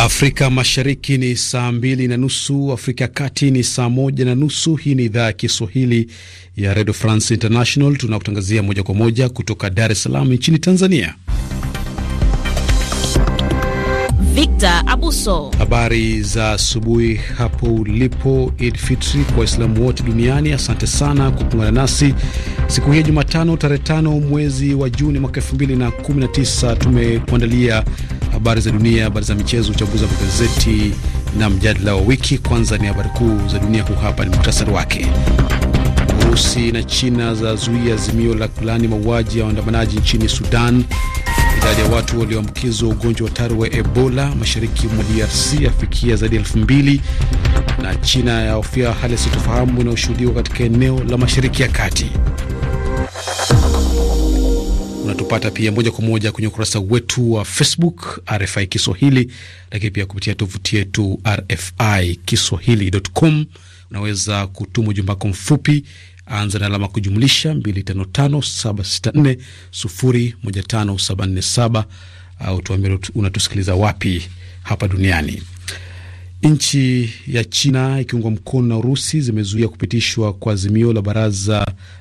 Afrika Mashariki ni saa mbili na nusu, Afrika ya Kati ni saa moja na nusu. Hii ni idhaa ya Kiswahili ya Redio France International, tunakutangazia moja kwa moja kutoka Dar es Salaam nchini Tanzania. Victor Abuso. Habari za asubuhi hapo ulipo. Eid Fitri kwa Waislamu wote duniani. Asante sana kwa kuungana nasi siku hii ya Jumatano tarehe tano mwezi wa Juni mwaka tisa. Tumekuandalia habari za dunia, habari za michezo, uchaguzi wa magazeti na mjadala wa wiki. Kwanza ni habari kuu za dunia, huu hapa ni muhtasari wake. Urusi na China zazuia azimio la kulani mauaji ya waandamanaji nchini Sudan. Idadi ya watu walioambukizwa ugonjwa hatari wa Ebola mashariki mwa DRC yafikia zaidi ya elfu mbili na China ya hali sitofahamu inayoshuhudiwa katika eneo la mashariki ya kati. Unatupata pia moja kwa moja kwenye ukurasa wetu wa Facebook RFI Kiswahili, lakini pia kupitia tovuti yetu RFI Kiswahili.com. Unaweza kutuma ujumbe wako mfupi anza na alama kujumlisha 255764015747 au tuambie unatusikiliza wapi hapa duniani. Nchi ya China ikiungwa mkono na Urusi zimezuia kupitishwa kwa azimio la Baraza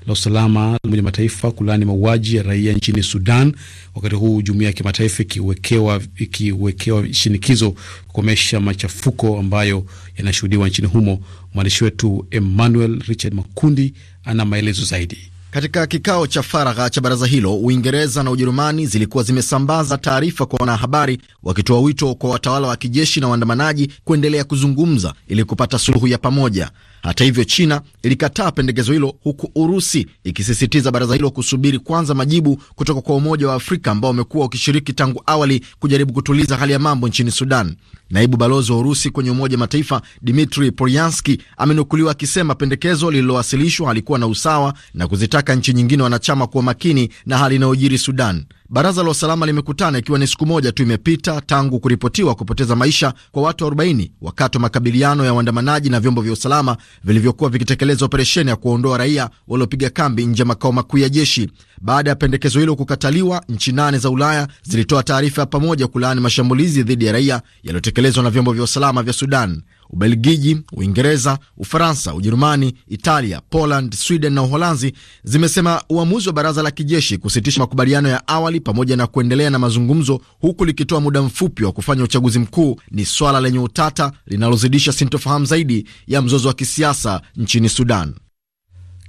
la Usalama la Umoja Mataifa kulani mauaji ya raia nchini Sudan, wakati huu jumuia ya kimataifa ikiwekewa ikiwekewa shinikizo kukomesha machafuko ambayo yanashuhudiwa nchini humo. Mwandishi wetu Emmanuel Richard Makundi ana maelezo zaidi. Katika kikao cha faragha cha baraza hilo, Uingereza na Ujerumani zilikuwa zimesambaza taarifa kwa wanahabari wakitoa wito kwa watawala wa kijeshi na waandamanaji kuendelea kuzungumza ili kupata suluhu ya pamoja. Hata hivyo, China ilikataa pendekezo hilo, huku Urusi ikisisitiza baraza hilo kusubiri kwanza majibu kutoka kwa Umoja wa Afrika ambao wamekuwa wakishiriki tangu awali kujaribu kutuliza hali ya mambo nchini Sudan. Naibu balozi wa Urusi kwenye Umoja wa Mataifa Dmitri poryanski amenukuliwa akisema pendekezo lililowasilishwa halikuwa na usawa na kuzitaka nchi nyingine wanachama kuwa makini na hali inayojiri Sudan. Baraza la usalama limekutana ikiwa ni siku moja tu imepita tangu kuripotiwa kupoteza maisha kwa watu 40 wakati wa makabiliano ya waandamanaji na vyombo vya usalama vilivyokuwa vikitekeleza operesheni ya kuondoa raia waliopiga kambi nje ya makao makuu ya jeshi. Baada ya pendekezo hilo kukataliwa, nchi nane za Ulaya zilitoa taarifa ya pamoja kulaani mashambulizi dhidi ya raia yaliyotekelezwa na vyombo vya usalama vya Sudan. Ubelgiji, Uingereza, Ufaransa, Ujerumani, Italia, Poland, Sweden na Uholanzi zimesema uamuzi wa baraza la kijeshi kusitisha makubaliano ya awali pamoja na kuendelea na mazungumzo huku likitoa muda mfupi wa kufanya uchaguzi mkuu ni swala lenye utata linalozidisha sintofahamu zaidi ya mzozo wa kisiasa nchini Sudan.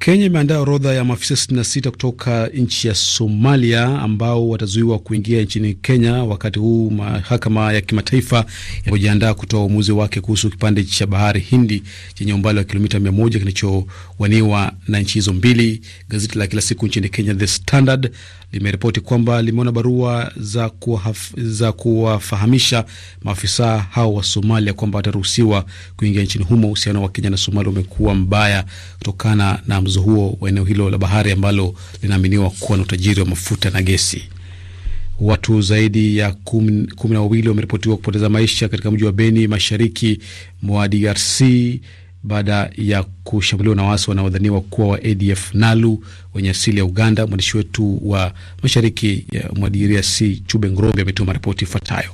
Kenya imeandaa orodha ya maafisa 66 kutoka nchi ya Somalia ambao watazuiwa kuingia nchini Kenya, wakati huu mahakama ya kimataifa inapojiandaa kutoa uamuzi wake kuhusu kipande cha bahari Hindi chenye umbali wa kilomita 100 kinachowaniwa na nchi hizo mbili. Gazeti la kila siku nchini Kenya The Standard limeripoti kwamba limeona barua za, kuhaf, za kuwafahamisha maafisa hao wa Somalia kwamba wataruhusiwa kuingia nchini humo. Uhusiano wa Kenya na Somalia umekuwa mbaya kutokana na mzo huo wa eneo hilo la bahari ambalo linaaminiwa kuwa na utajiri wa mafuta na gesi. Watu zaidi ya kumi na wawili wameripotiwa kupoteza maisha katika mji wa Beni mashariki mwa DRC baada ya kushambuliwa na waasi wanaodhaniwa kuwa wa ADF Nalu wenye asili ya Uganda. Mwandishi wetu wa mashariki mwa DRC Chube Ngorombe ametuma ripoti ifuatayo.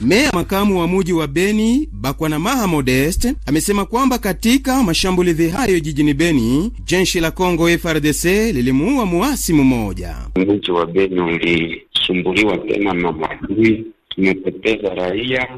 Meya makamu wa muji wa Beni Bakwanamaha modest amesema kwamba katika mashambulizi hayo jijini Beni, jeshi la congo FRDC lilimuua muasi mmoja. muji wa Beni ulisumbuliwa tena na maadui, tumepoteza raia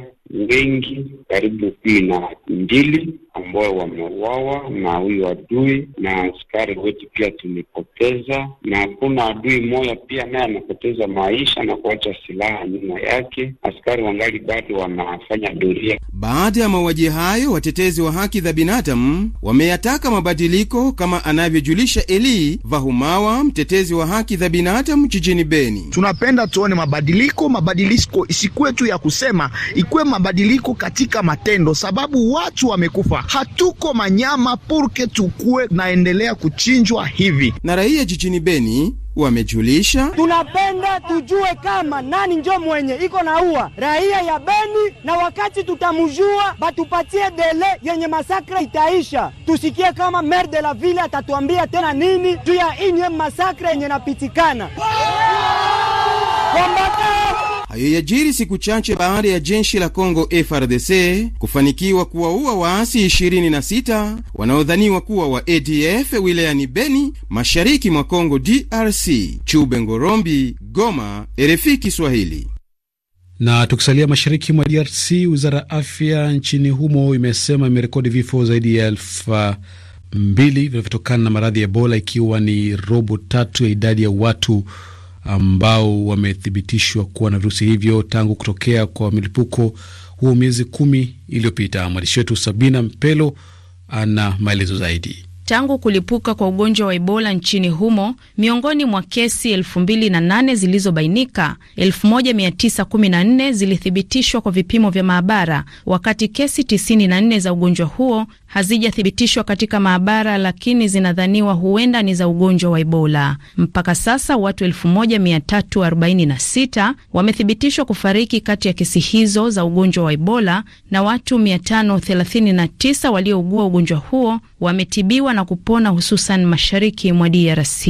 wengi karibu kumi na mbili makomboa wameuawa na huyu adui, na askari wetu pia tumepoteza, na hakuna adui moya pia naye anapoteza maisha na kuacha silaha nyuma yake. Askari wangali bado wanafanya doria. Baada ya mauaji hayo, watetezi wa haki za binadamu wameyataka mabadiliko, kama anavyojulisha Eli Vahumawa, mtetezi wa haki za binadamu jijini Beni. Tunapenda tuone mabadiliko, mabadiliko isikuwe tu ya kusema, ikuwe mabadiliko katika matendo, sababu watu wamekufa hatuko manyama purke tukue naendelea kuchinjwa hivi. Na raia jijini Beni wamejulisha tunapenda tujue kama nani njo mwenye iko na ua raia ya Beni, na wakati tutamjua batupatie dele yenye masakra itaisha, tusikie kama maire de la ville atatuambia tena nini juu ya inye masakra yenye napitikana yeah! Hayo yajiri siku chache baada ya jeshi la Kongo FRDC kufanikiwa kuwaua waasi 26 wanaodhaniwa kuwa wa ADF wilayani Beni, mashariki mwa Kongo DRC. Chube Ngorombi, Goma, RFI Kiswahili. Na tukisalia mashariki mwa DRC, wizara ya afya nchini humo imesema imerekodi vifo zaidi ya elfu mbili vinavyotokana na maradhi ya Ebola, ikiwa ni robo tatu ya idadi ya watu ambao wamethibitishwa kuwa na virusi hivyo tangu kutokea kwa milipuko huo miezi kumi iliyopita. Mwandishi wetu Sabina Mpelo ana maelezo zaidi. Tangu kulipuka kwa ugonjwa wa Ebola nchini humo, miongoni mwa kesi 2008 zilizobainika, 1914 zilithibitishwa kwa vipimo vya maabara, wakati kesi 94 za ugonjwa huo hazijathibitishwa katika maabara, lakini zinadhaniwa huenda ni za ugonjwa wa Ebola. Mpaka sasa watu 1346 wamethibitishwa kufariki kati ya kesi hizo za ugonjwa wa Ebola na watu 539 waliougua ugonjwa huo wametibiwa na kupona, hususan mashariki mwa DRC.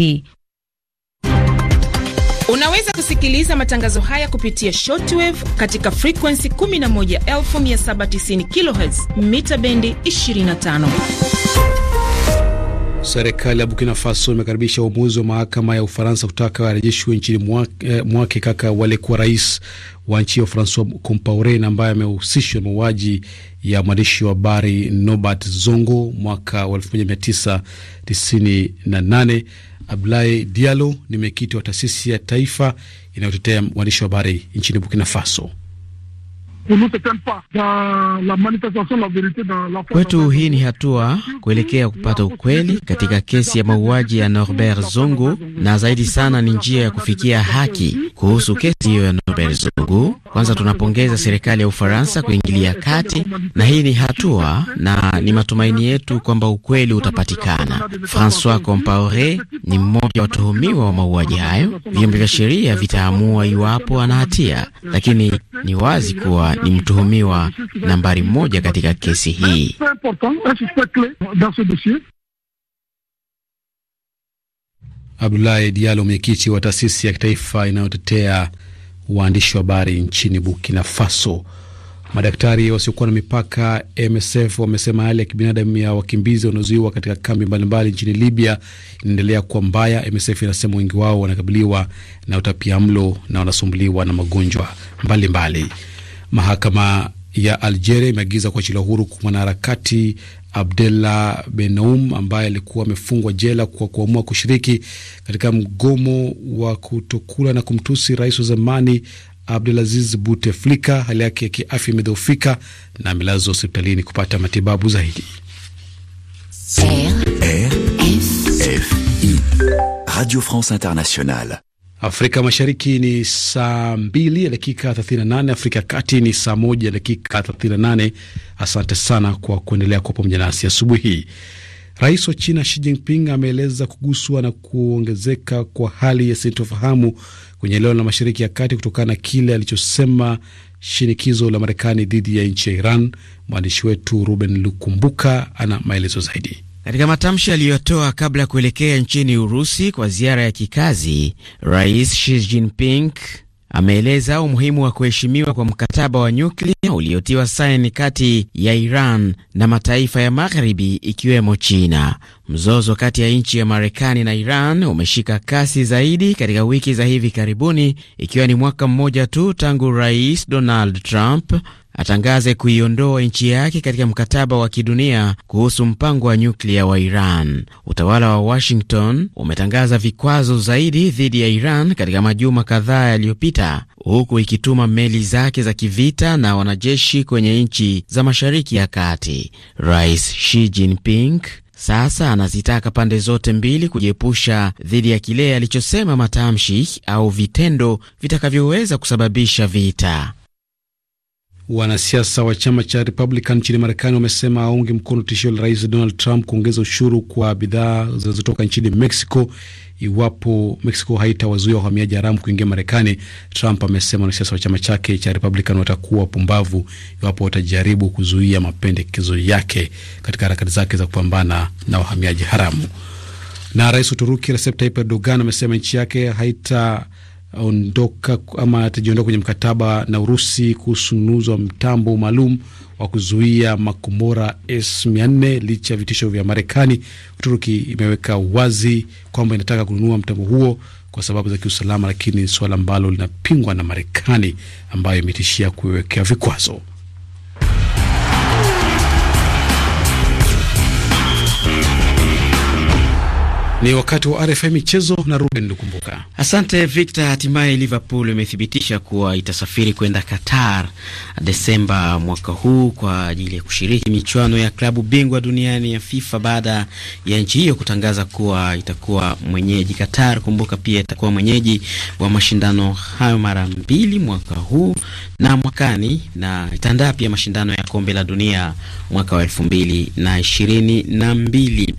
Unaweza kusikiliza matangazo haya kupitia shortwave katika frequency 11790 kHz mita bendi 25. Serikali ya Burkina Faso imekaribisha uamuzi wa mahakama ya Ufaransa kutaka warejeshwe nchini mwake, eh, mwake kaka walikuwa rais wa nchi hiyo Francois Compaore na ambaye amehusishwa na mauaji ya mwandishi wa habari nobert Zongo mwaka wa 1998 abdulahi dialo ni mwenyekiti wa taasisi ya taifa inayotetea waandishi wa habari nchini Burkina Faso. Kwetu hii ni hatua kuelekea kupata ukweli katika kesi ya mauaji ya Norbert Zongo, na zaidi sana ni njia ya kufikia haki kuhusu kesi hiyo ya Norbert Zongo. Kwanza tunapongeza serikali ya Ufaransa kuingilia kati, na hii ni hatua na ni matumaini yetu kwamba ukweli utapatikana. Francois Compaore ni mmoja watuhumiwa wa mauaji hayo. Vyombo vya sheria vitaamua iwapo ana hatia, lakini ni wazi kuwa ni mtuhumiwa nambari moja katika kesi hii. Abdulahi dialo mwenyekiti wa taasisi ya kitaifa inayotetea waandishi wa habari nchini Burkina Faso. Madaktari wasiokuwa na mipaka MSF wamesema hali ya kibinadamu ya wakimbizi wanaozuiwa katika kambi mbalimbali nchini Libya inaendelea kuwa mbaya. MSF inasema wengi wao wanakabiliwa na utapia mlo na wanasumbuliwa na magonjwa mbalimbali. Mahakama ya Algeria imeagiza kuachiliwa huru kwa mwanaharakati Abdella Benoum ambaye alikuwa amefungwa jela kwa kuamua kushiriki katika mgomo wa kutokula na kumtusi rais wa zamani Abdulaziz buteflika Hali yake ya kiafya imedhoofika na amelazwa hospitalini kupata matibabu zaidi. Radio France Internationale. Afrika Mashariki ni saa mbili dakika 38, Afrika ya Kati ni saa moja dakika 38. Asante sana kwa kuendelea kuwa pamoja nasi asubuhi hii. Rais wa China Xi Jinping ameeleza kuguswa na kuongezeka kwa hali ya sintofahamu kwenye eneo la Mashariki ya Kati kutokana na kile alichosema shinikizo la Marekani dhidi ya nchi ya Iran. Mwandishi wetu Ruben Lukumbuka ana maelezo zaidi. Katika matamshi aliyotoa kabla ya kuelekea nchini Urusi kwa ziara ya kikazi, Rais Xi Jinping ameeleza umuhimu wa kuheshimiwa kwa mkataba wa nyuklia uliotiwa saini kati ya Iran na mataifa ya Magharibi ikiwemo China. Mzozo kati ya nchi ya Marekani na Iran umeshika kasi zaidi katika wiki za hivi karibuni, ikiwa ni mwaka mmoja tu tangu Rais Donald Trump atangaze kuiondoa nchi yake katika mkataba wa kidunia kuhusu mpango wa nyuklia wa Iran. Utawala wa Washington umetangaza vikwazo zaidi dhidi ya Iran katika majuma kadhaa yaliyopita, huku ikituma meli zake za kivita na wanajeshi kwenye nchi za Mashariki ya Kati. Rais Xi Jinping sasa anazitaka pande zote mbili kujiepusha dhidi ya kile alichosema matamshi au vitendo vitakavyoweza kusababisha vita. Wanasiasa wa chama cha Republican nchini Marekani wamesema aungi mkono tishio la rais Donald Trump kuongeza ushuru kwa bidhaa zinazotoka nchini Mexico iwapo Mexico haitawazuia wahamiaji haramu kuingia Marekani. Trump amesema wanasiasa wa chama chake cha Republican watakuwa pumbavu iwapo watajaribu kuzuia mapendekezo yake katika harakati zake za kupambana na wahamiaji haramu. Na rais Uturuki Recep Tayyip Erdogan amesema nchi yake haita aondoka ama atajiondoa kwenye mkataba na Urusi kuhusu ununuzi wa mtambo maalum wa kuzuia makombora S400 licha ya vitisho vya Marekani. Uturuki imeweka wazi kwamba inataka kununua mtambo huo kwa sababu za kiusalama, lakini ni suala ambalo linapingwa na Marekani ambayo imetishia kuwekea vikwazo. Ni wakati wa RFI michezo na Ruben Lukumbuka. Asante Victor. Hatimaye Liverpool imethibitisha kuwa itasafiri kwenda Qatar Desemba mwaka huu kwa ajili ya kushiriki michuano ya klabu bingwa duniani ya FIFA baada ya nchi hiyo kutangaza kuwa itakuwa mwenyeji. Qatar, kumbuka, pia itakuwa mwenyeji wa mashindano hayo mara mbili mwaka huu na mwakani, na itaandaa pia mashindano ya kombe la dunia mwaka wa elfu mbili na ishirini na mbili.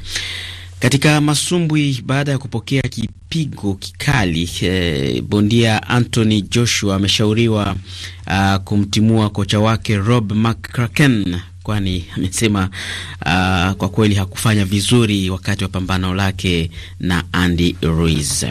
Katika masumbwi baada ya kupokea kipigo kikali eh, bondia Anthony Joshua ameshauriwa uh, kumtimua kocha wake Rob McCracken kwani amesema uh, kwa kweli hakufanya vizuri wakati wa pambano lake na Andy Ruiz.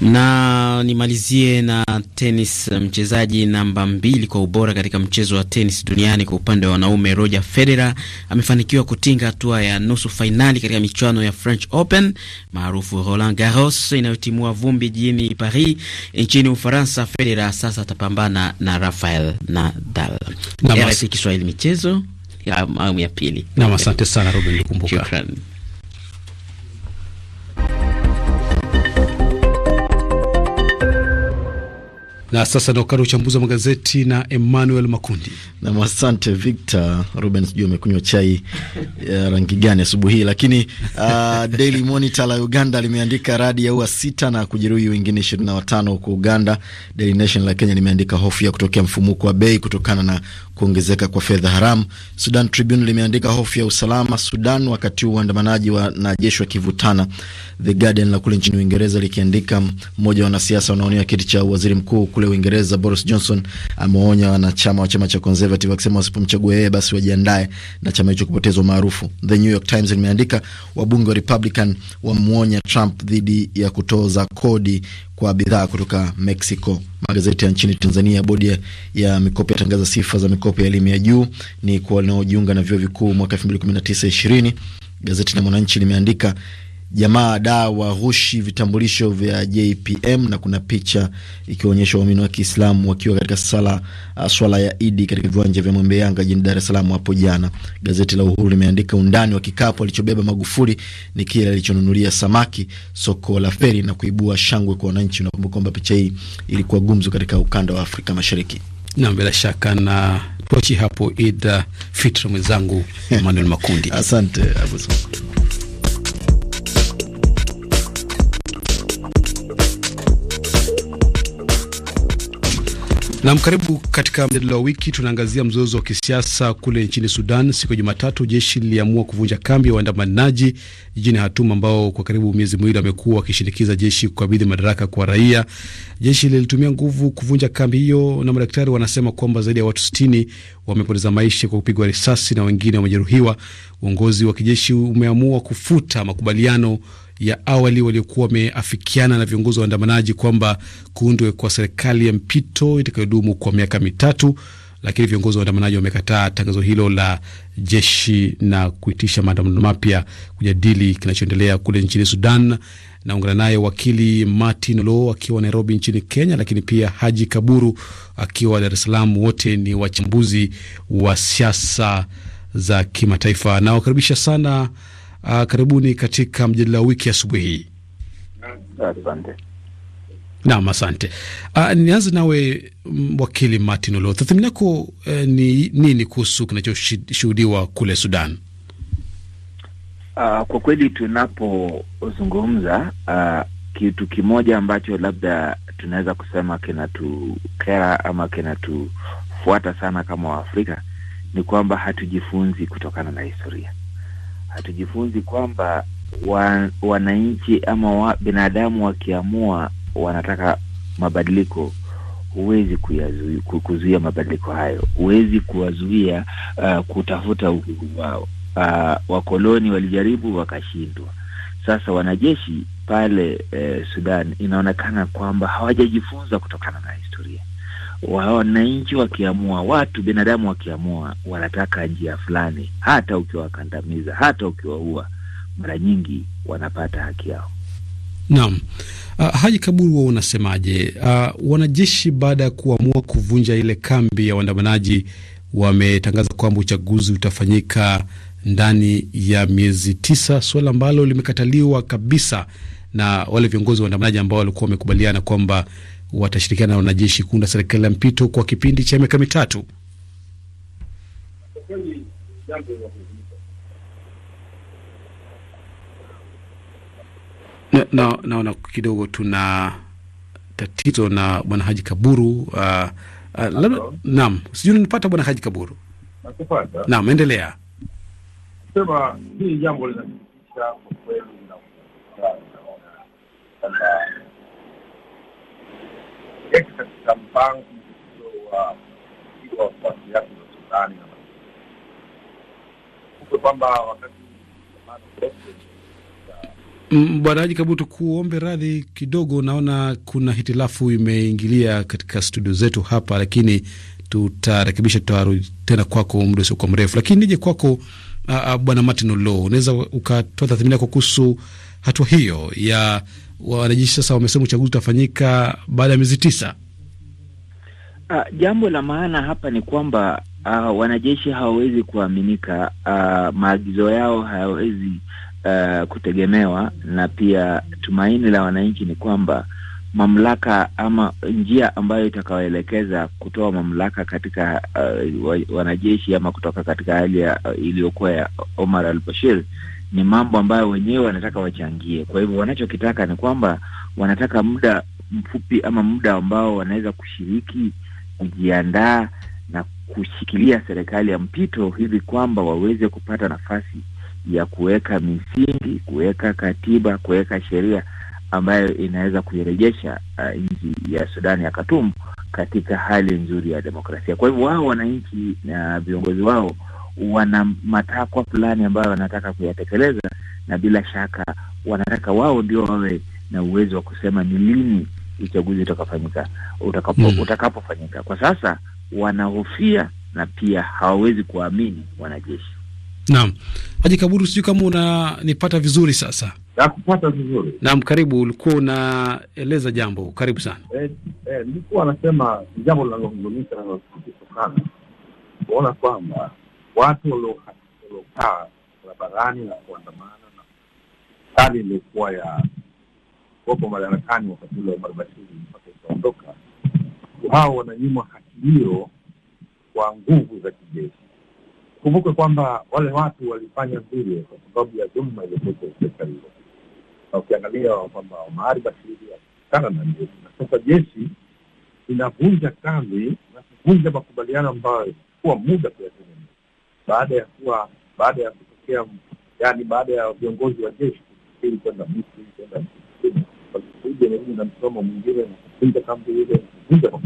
Na nimalizie na tenis. Mchezaji namba mbili kwa ubora katika mchezo wa tenis duniani kwa upande wa wanaume Roger Federer amefanikiwa kutinga hatua ya nusu fainali katika michuano ya French Open maarufu Roland Garros inayotimua vumbi jijini Paris nchini Ufaransa. Federer sasa atapambana na Rafael Nadal. Kiswahili michezo ya awamu ya pili. Naam, asante sana Robin Lukumbuka. shukran. Na sasa ndo naukana uchambuzi wa magazeti na Emmanuel Makundi. Na asante Victor Ruben, sijui amekunywa chai ya rangi gani asubuhi hii, lakini uh, Daily Monitor la Uganda limeandika radi ya ua sita na kujeruhi wengine ishirini na watano huko Uganda. Daily Nation la Kenya limeandika hofu ya kutokea mfumuko wa bei kutokana na kuongezeka kwa fedha haramu. Sudan Tribune limeandika hofu ya usalama Sudan wakati huu waandamanaji wa na jeshi wakivutana. The Guardian la kule nchini Uingereza likiandika mmoja wa wanasiasa wanaonia kiti cha waziri mkuu kule Uingereza, Boris Johnson ameonya wanachama wa chama cha Conservative akisema wasipomchagua yeye basi wajiandae na chama hicho kupoteza umaarufu. The New York Times limeandika wabunge wa Republican wamwonya Trump dhidi ya kutoza kodi kwa bidhaa kutoka Mexico. Magazeti ya nchini Tanzania, bodi ya mikopo yatangaza sifa za mikopo ya elimu ya juu ni kwa wanaojiunga na vyuo vikuu mwaka tisa 20. Gazeti la Mwananchi limeandika jamaa da warushi vitambulisho vya JPM na kuna picha ikionyesha waumini wa Kiislamu wakiwa katika sala uh, swala ya Idi katika viwanja vya Mwembe Yanga jijini Dar es Salaam hapo jana. Gazeti la Uhuru limeandika undani wa kikapu alichobeba Magufuli ni kile alichonunulia samaki soko la Feri na kuibua shangwe kwa wananchi. Unakumbuka kwamba picha hii ilikuwa gumzo katika ukanda wa Afrika Mashariki. Na bila shaka na tochi hapo Id Fitri mwenzangu Emmanuel Makundi. Asante Abusu. Nam, karibu katika mjadala wa wiki. Tunaangazia mzozo wa kisiasa kule nchini Sudan. Siku ya Jumatatu, jeshi liliamua kuvunja kambi ya waandamanaji jijini hatuma ambao kwa karibu miezi miwili wamekuwa wakishinikiza jeshi kukabidhi madaraka kwa raia. Jeshi lilitumia nguvu kuvunja kambi hiyo, na madaktari wanasema kwamba zaidi ya watu sitini wamepoteza maisha kwa kupigwa risasi na wengine wamejeruhiwa. Uongozi wa kijeshi umeamua kufuta makubaliano ya awali waliokuwa wameafikiana na viongozi wa waandamanaji kwamba kuundwe kwa serikali ya mpito itakayodumu kwa miaka mitatu, lakini viongozi wa waandamanaji wamekataa tangazo hilo la jeshi na kuitisha maandamano mapya kujadili kinachoendelea kule nchini Sudan. Naungana naye wakili Martin Lo akiwa Nairobi nchini Kenya, lakini pia Haji Kaburu akiwa Dar es Salaam. Wote ni wachambuzi wa siasa za kimataifa. Nawakaribisha sana Uh, karibuni katika mjadala wa wiki asubuhi hii. Asante. Naam, asante. Uh, nianze nawe wakili Martin Olo, tathmini yako uh, ni nini kuhusu kinachoshuhudiwa kule Sudan? Uh, kwa kweli tunapozungumza uh, kitu kimoja ambacho labda tunaweza kusema kinatukera ama kinatufuata sana kama Waafrika ni kwamba hatujifunzi kutokana na historia hatujifunzi kwamba wa, wananchi ama wa, binadamu wakiamua wanataka mabadiliko huwezi kuzuia mabadiliko hayo, huwezi kuwazuia uh, kutafuta uhuru wao. Uh, wakoloni walijaribu wakashindwa. Sasa wanajeshi pale eh, Sudan inaonekana kwamba hawajajifunza kutokana na wananchi wakiamua, watu binadamu wakiamua, wanataka njia fulani, hata ukiwakandamiza, hata ukiwaua, mara nyingi wanapata haki yao. Naam. Uh, Haji Kaburu, wao unasemaje? Uh, wanajeshi baada ya kuamua kuvunja ile kambi ya waandamanaji wametangaza kwamba uchaguzi utafanyika ndani ya miezi tisa, suala ambalo limekataliwa kabisa na wale viongozi wa waandamanaji ambao walikuwa wamekubaliana kwamba watashirikiana na wanajeshi kuunda serikali ya mpito kwa kipindi cha miaka mitatu. Naona na, na, kidogo tuna tatizo na Bwana Haji Kaburu. Uh, uh, naam, sijui unanipata Bwana Haji Kaburu? Nakupata. Naam, endelea. Sema jambo kwa kweli, na mpango wa wafuasi yake za Sudani na kumbuke kwamba wakati Bwana Haji Kabutu, kuombe radhi kidogo, naona kuna hitilafu imeingilia katika studio zetu hapa, lakini tutarekebisha, tutarudi tena kwako muda usiokuwa mrefu. Lakini nije kwako Bwana Martin Olo, unaweza ukatoa tathmini yako kuhusu hatua hiyo ya wanajeshi sasa wamesema uchaguzi utafanyika baada ya miezi tisa? Uh, jambo la maana hapa ni kwamba uh, wanajeshi hawawezi kuaminika, uh, maagizo yao hayawezi uh, kutegemewa, na pia tumaini la wananchi ni kwamba mamlaka ama njia ambayo itakawaelekeza kutoa mamlaka katika uh, wanajeshi ama kutoka katika hali uh, iliyokuwa ya Omar al-Bashir ni mambo ambayo wenyewe wanataka wachangie. Kwa hivyo wanachokitaka ni kwamba wanataka muda mfupi ama muda ambao wanaweza kushiriki kujiandaa na kushikilia serikali ya mpito hivi kwamba waweze kupata nafasi ya kuweka misingi, kuweka katiba, kuweka sheria ambayo inaweza kuirejesha uh, nchi ya Sudani ya Khartoum katika hali nzuri ya demokrasia. Kwa hivyo wao wananchi na viongozi wao wana matakwa fulani ambayo wanataka kuyatekeleza, na bila shaka wanataka wao ndio wawe na uwezo wa kusema ni lini uchaguzi utakafanyika utakapo mm. utakapofanyika. Kwa sasa wanahofia na pia hawawezi kuamini wanajeshi. Naam, Haji Kaburu, sijui kama unanipata vizuri sasa. Nakupata vizuri. Naam, karibu. Ulikuwa unaeleza jambo, karibu sana. Nilikuwa eh, eh, anasema jambo linalohuzunisha sana kuona kwamba watu waliokaa barabarani na kuandamana na hali iliyokuwa ya waliokuwepo madarakani wakati ule Omar Bashir mpaka ikaondoka, hao wananyimwa haki hiyo kwa nguvu za kijeshi. Kumbuke kwamba wale watu walifanya vile kwa sababu ya dhuluma iliyokuwepo serikali, na ukiangalia kwamba Omar Bashir alikutana na jeshi na sasa jeshi inavunja kambi na kuvunja makubaliano ambayo kuwa muda kuyatengeneza baada ya kuwa baada ya kutokea yani, baada ya viongozi wa jeshi kufikiri kwenda Misri kwenda nchi kuja na na msomo mwingine na kufunza kambi ile na kufunza kwa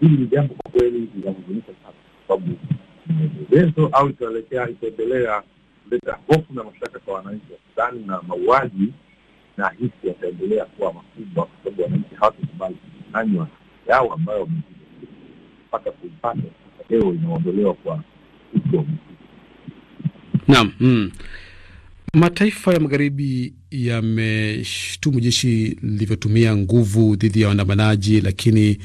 Hili ni jambo kwa kweli linahuzunisha sana, kwa sababu mwenyezo au itaelekea itaendelea kuleta hofu na mashaka kwa wananchi wa Sudani, na mauaji na hisi yataendelea kuwa makubwa, kwa sababu wananchi hawatakubali kunyang'anywa yao ambayo wamepiga mpaka kuipata. leo inaondolewa kwa uko naam. Mm. Mataifa ya magharibi yameshtumu jeshi lilivyotumia nguvu dhidi ya waandamanaji, lakini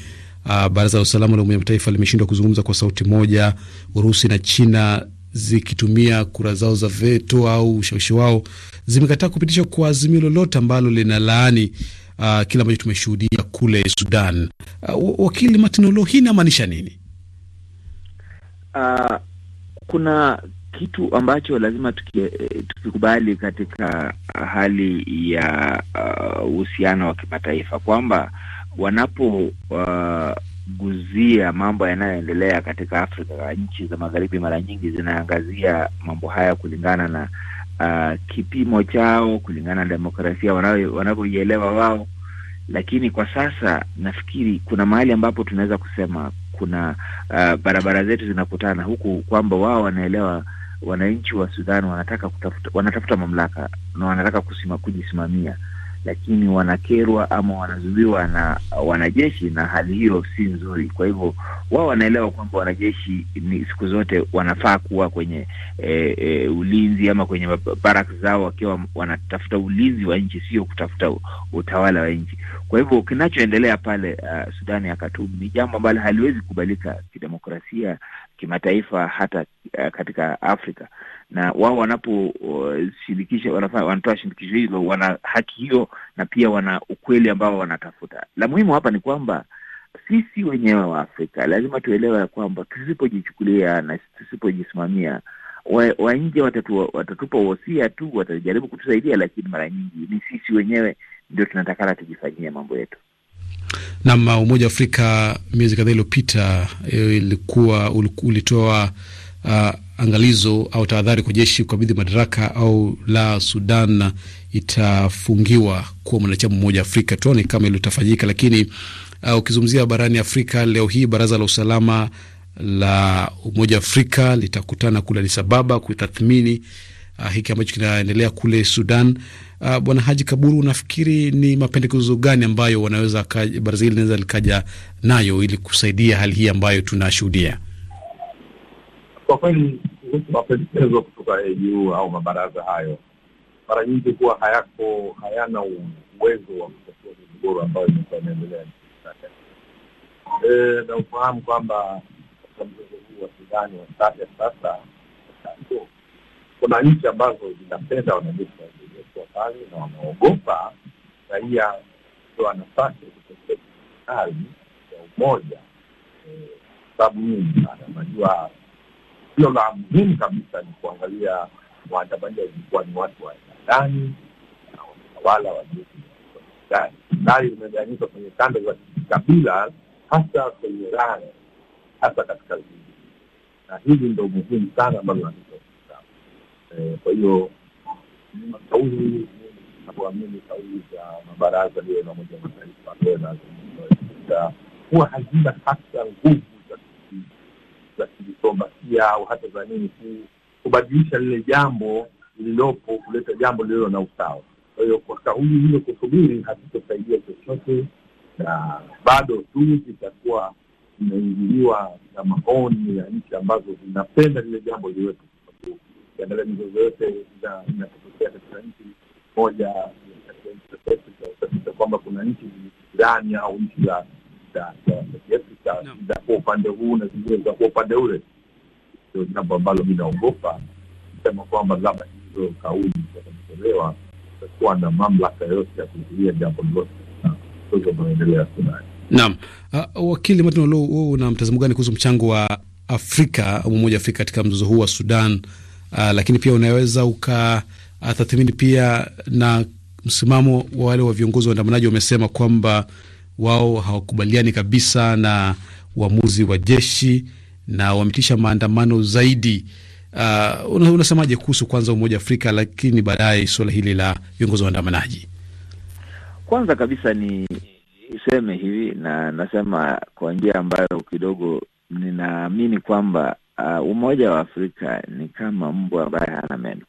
uh, baraza la usalama la Umoja Mataifa limeshindwa kuzungumza kwa sauti moja. Urusi na China zikitumia kura zao za veto au ushawishi wao zimekataa kupitishwa kwa azimio lolote ambalo lina laani uh, kile ambacho tumeshuhudia kule Sudan. Uh, wakili Matinolo, hii inamaanisha nini? Uh, kuna kitu ambacho lazima eh, tukikubali katika hali ya uh, uhusiano wa kimataifa kwamba wanapoguzia uh, mambo yanayoendelea katika Afrika, nchi za magharibi mara nyingi zinaangazia mambo haya kulingana na uh, kipimo chao, kulingana na demokrasia wanavyoielewa wao. Lakini kwa sasa nafikiri kuna mahali ambapo tunaweza kusema kuna uh, barabara zetu zinakutana huku kwamba wao wanaelewa wananchi wa Sudan wanataka kutafuta, wanatafuta mamlaka na wanataka kusima, kujisimamia, lakini wanakerwa ama wanazuiwa na wanajeshi, na hali hiyo si nzuri. Kwa hivyo wao wanaelewa kwamba wanajeshi ni siku zote wanafaa kuwa kwenye e, e, ulinzi ama kwenye barak zao wakiwa wanatafuta ulinzi wa nchi, sio kutafuta utawala wa nchi. Kwa hivyo kinachoendelea pale uh, Sudani ya katumu ni jambo ambalo haliwezi kubalika kidemokrasia kimataifa hata uh, katika Afrika, na wao wanaposhirikisha uh, wanatoa shirikisho hilo, wana haki hiyo na pia wana ukweli ambao wanatafuta. La muhimu hapa ni kwamba sisi wenyewe wa Afrika lazima tuelewe ya kwamba tusipojichukulia na tusipojisimamia wa nje watatupa uhosia tu, watajaribu kutusaidia, lakini mara nyingi ni sisi wenyewe ndio tunatakana tujifanyie mambo yetu. Nam uh, Umoja wa Afrika miezi kadhaa iliyopita eh, ilikuwa ulitoa uh, angalizo au tahadhari kwa jeshi kukabidhi madaraka au la, Sudan itafungiwa kuwa mwanachama mmoja Afrika. Tuone kama ilitafanyika, lakini uh, ukizungumzia barani Afrika leo hii, baraza la usalama la Umoja wa Afrika litakutana kule Adis Ababa kutathmini uh, hiki ambacho kinaendelea kule Sudan. Uh, Bwana Haji Kaburu, unafikiri ni mapendekezo gani ambayo wanaweza Brazil inaweza likaja nayo ili kusaidia hali hii ambayo tunashuhudia? Kwa kweli mapendekezo kutoka AU au mabaraza hayo mara nyingi huwa hayako hayana uwezo wa kutatua migogoro ambayo imekuwa inaendelea e, na ufahamu kwamba katika mzozo huu wa Sudani wa sasa, kuna nchi ambazo zinapenda wanajeshi mbalimbali na wanaogopa raia kutoa nafasi kali ya umoja eh, sababu nyingi sana. najua hilo la muhimu kabisa ni kuangalia waandamanaji walikuwa ni watu wa aina gani na watawala wa jeshi gani. Serikali kwenye kanda za kikabila, hasa kwenye rani hasa katika vijiji, na hili ndo muhimu sana ambalo naia. Eh, kwa hiyo kauli na kauli za mabaraza hiyo na Umoja wa Mataifa dola zitakuwa hazina hasa nguvu za kidiplomasia au hata za nini kubadilisha lile jambo lililopo kuleta jambo lililo na usawa. Kwa hiyo kwa kauli hiyo kusubiri hazitosaidia chochote, na bado tu zitakuwa zimeingiliwa na maoni ya nchi ambazo zinapenda lile jambo liwepo tukiangalia mizozo yote inapotokea katika nchi moja kwamba kuna nchi jirani au nchi za kiafrika zitakuwa upande huu na zingine zitakuwa upande ule. io jambo ambalo vinaogopa sema kwamba labda hizo kauli zitatolewa, utakuwa na mamlaka yoyote ya kuzuia jambo lolote inaendelea Sudani. Uh, wakili Martin Oloo, una mtazamo gani kuhusu mchango wa Afrika, Umoja wa Afrika katika mzozo huu wa Sudan? uh, lakini pia unaweza ukatathmini ah, pia na msimamo wa wale wa viongozi waandamanaji. Wamesema kwamba wao hawakubaliani kabisa na uamuzi wa jeshi na wametisha maandamano zaidi. Uh, unasemaje kuhusu kwanza Umoja wa Afrika, lakini baadaye suala hili la viongozi waandamanaji? Kwanza kabisa ni iseme hivi na nasema kwa njia ambayo kidogo ninaamini kwamba uh, Umoja wa Afrika ni kama mbwa ambaye hana meno.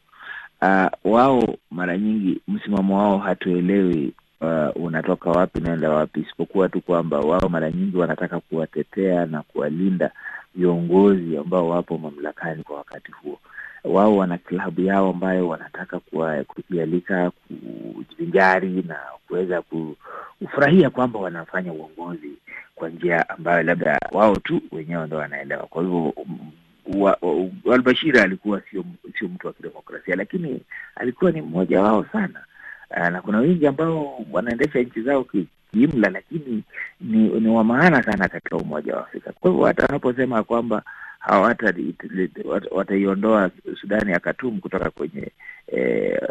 Uh, wao mara nyingi msimamo wao hatuelewi uh, unatoka wapi unaenda wapi, isipokuwa tu kwamba wao mara nyingi wanataka kuwatetea na kuwalinda viongozi ambao wapo mamlakani kwa wakati huo wao wana klabu yao ambayo wanataka kujialika kujivinjari na kuweza kufurahia kwamba wanafanya uongozi kwa njia ambayo labda wao tu wenyewe ndo wanaelewa. Kwa hivyo mm, Albashir alikuwa sio sio mtu wa kidemokrasia, lakini alikuwa ni mmoja wao sana, ah, na kuna wengi ambao wanaendesha nchi zao kiimla, lakini ni, ni wa maana sana katika umoja wa Afrika. Kwa hivyo hata wanaposema kwamba hawataiondoa Sudani ya Katumu kutoka kwenye eh,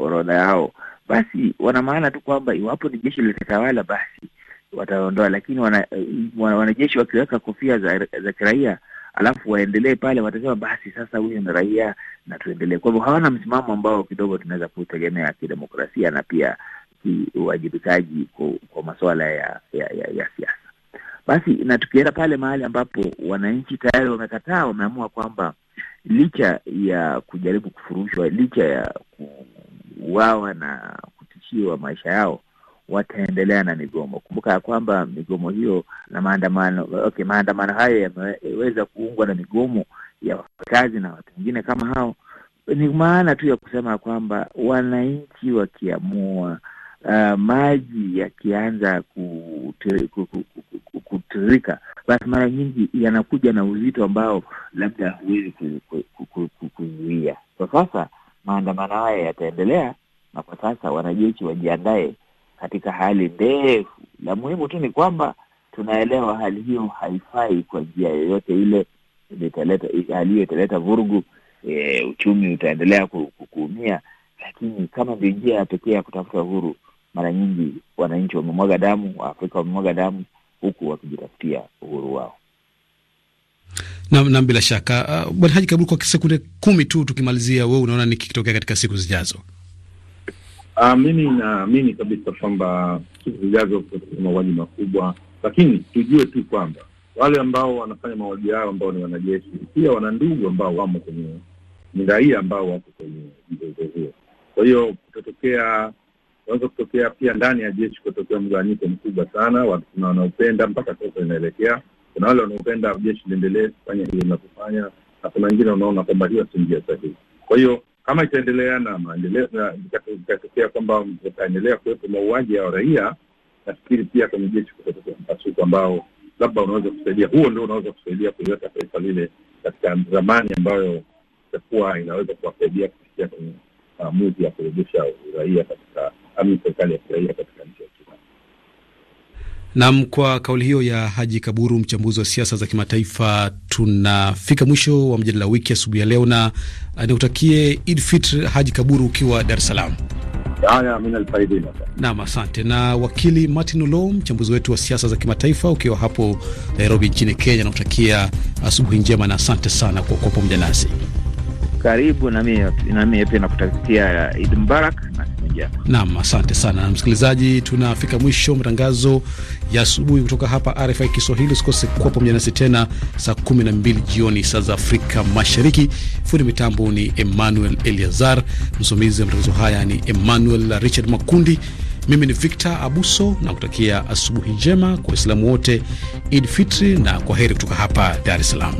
orodha yao, basi wana maana tu kwamba iwapo ni jeshi litatawala basi wataondoa, lakini wanajeshi wana, wana wakiweka kofia za, za kiraia alafu waendelee pale, watasema basi sasa huyo ni raia na tuendelee. Kwa hivyo hawana msimamo ambao kidogo tunaweza kutegemea kidemokrasia na pia kiuwajibikaji kwa masuala ya, ya, ya, ya siasa basi, na tukienda pale mahali ambapo wananchi tayari wamekataa, wameamua kwamba licha ya kujaribu kufurushwa, licha ya kuuawa na kutishiwa maisha yao wataendelea na migomo. Kumbuka ya kwamba migomo hiyo na maandamano okay, maandamano hayo yameweza kuungwa na migomo ya wafanyakazi na watu wengine kama hao. Ni maana tu ya kusema kwamba wananchi wakiamua uh, maji yakianza kutiririka, basi mara nyingi yanakuja na uzito ambao labda huwezi kuzuia. Kwa sasa maandamano haya yataendelea, na kwa sasa wanajeshi wajiandae katika hali ndefu. La muhimu tu ni kwamba tunaelewa hali hiyo haifai kwa njia yoyote ile, hali hiyo italeta vurugu. E, uchumi utaendelea kuumia, lakini kama ndio njia ya pekee ya kutafuta uhuru, mara nyingi wananchi wamemwaga damu, Waafrika wamemwaga damu huku wakijitafutia uhuru wao. Nam na bila shaka uh, Bwana Haji Kaburu, kwa sekunde kumi tu tukimalizia, wewe unaona kikitokea katika siku zijazo? Uh, mimi naamini kabisa kwamba siku zijazo kutakuwa mauaji makubwa, lakini tujue tu kwamba wale ambao wanafanya mauaji hayo ambao ni wanajeshi pia wana ndugu ambao wamo kwenye, ni raia ambao wako kwenye mzozo huo. Kwa hiyo kutatokea unaweza kutokea pia ndani ya jeshi kutokea mgawanyiko mkubwa sana. Kuna wanaopenda mpaka sasa inaelekea, kuna wale wanaopenda jeshi liendelee kufanya hili na kufanya, na kuna wengine wanaona kwamba hiyo si njia sahihi. Kwa hiyo kama itaendelea na maendeleo ikatokea kwamba itaendelea kuwepo mauaji ya raia, nafikiri pia kwenye jeshi kutatokea mpasuko ambao labda unaweza kusaidia, huo ndio unaweza kusaidia kuiweka taifa lile katika ramani ambayo itakuwa inaweza kuwasaidia kufikia kwenye maamuzi ya kurejesha uraia katika ama serikali ya kiraia katika nchi ya Sudan. Nam, kwa kauli hiyo ya Haji Kaburu, mchambuzi wa siasa za kimataifa, tunafika mwisho wa mjadala wiki asubuhi ya leo, na eh, nikutakie Eid Fitr, Haji Kaburu, ukiwa Dar es Salaam. Nam, asante. Na wakili Martin Olo, mchambuzi wetu wa siasa za kimataifa, ukiwa hapo Nairobi nchini Kenya, nakutakia asubuhi njema na asante sana kwa kuwa pamoja nasi. Karibu na mimi pia nakutakia Eid Mubarak moja. Naam, asante sana msikilizaji, tunafika mwisho matangazo ya asubuhi kutoka hapa RFI Kiswahili. Usikose kuwa pamoja nasi tena saa 12 jioni saa za Afrika Mashariki. Fundi mitambo ni Emmanuel Eliazar, msimamizi wa matangazo haya ni Emmanuel Richard Makundi. Mimi ni Victor Abuso na kutakia asubuhi njema kwa Waislamu wote, Id Fitri na kwa heri kutoka hapa Dar es Salaam.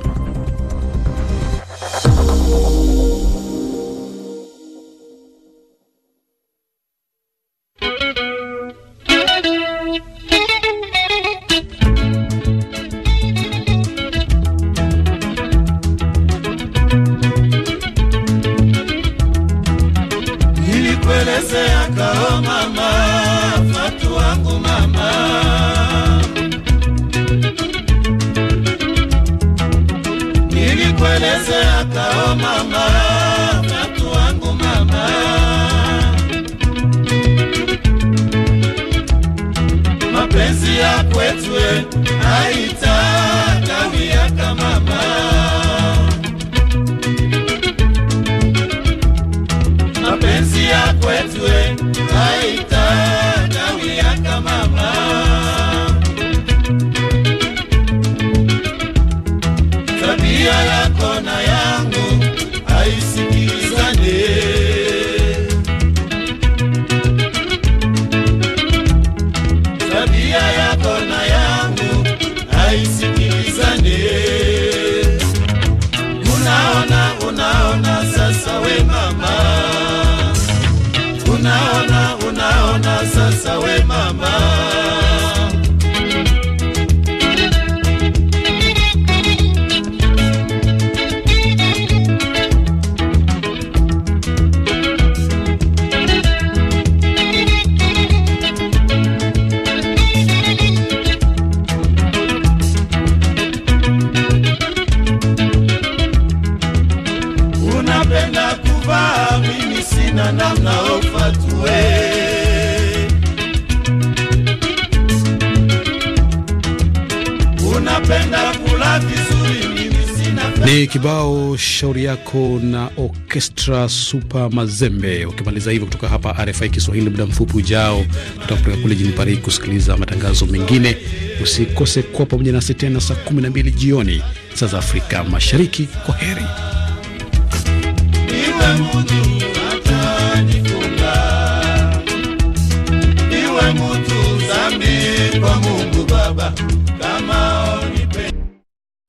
Ay, kibao shauri yako na Orkestra Super Mazembe. Ukimaliza hivyo kutoka hapa RFI Kiswahili, muda mfupi ujao tutakupeleka kule jini Paris kusikiliza matangazo mengine. Usikose kuwa pamoja nasi tena saa 12 jioni saa za Afrika Mashariki. Kwa heri.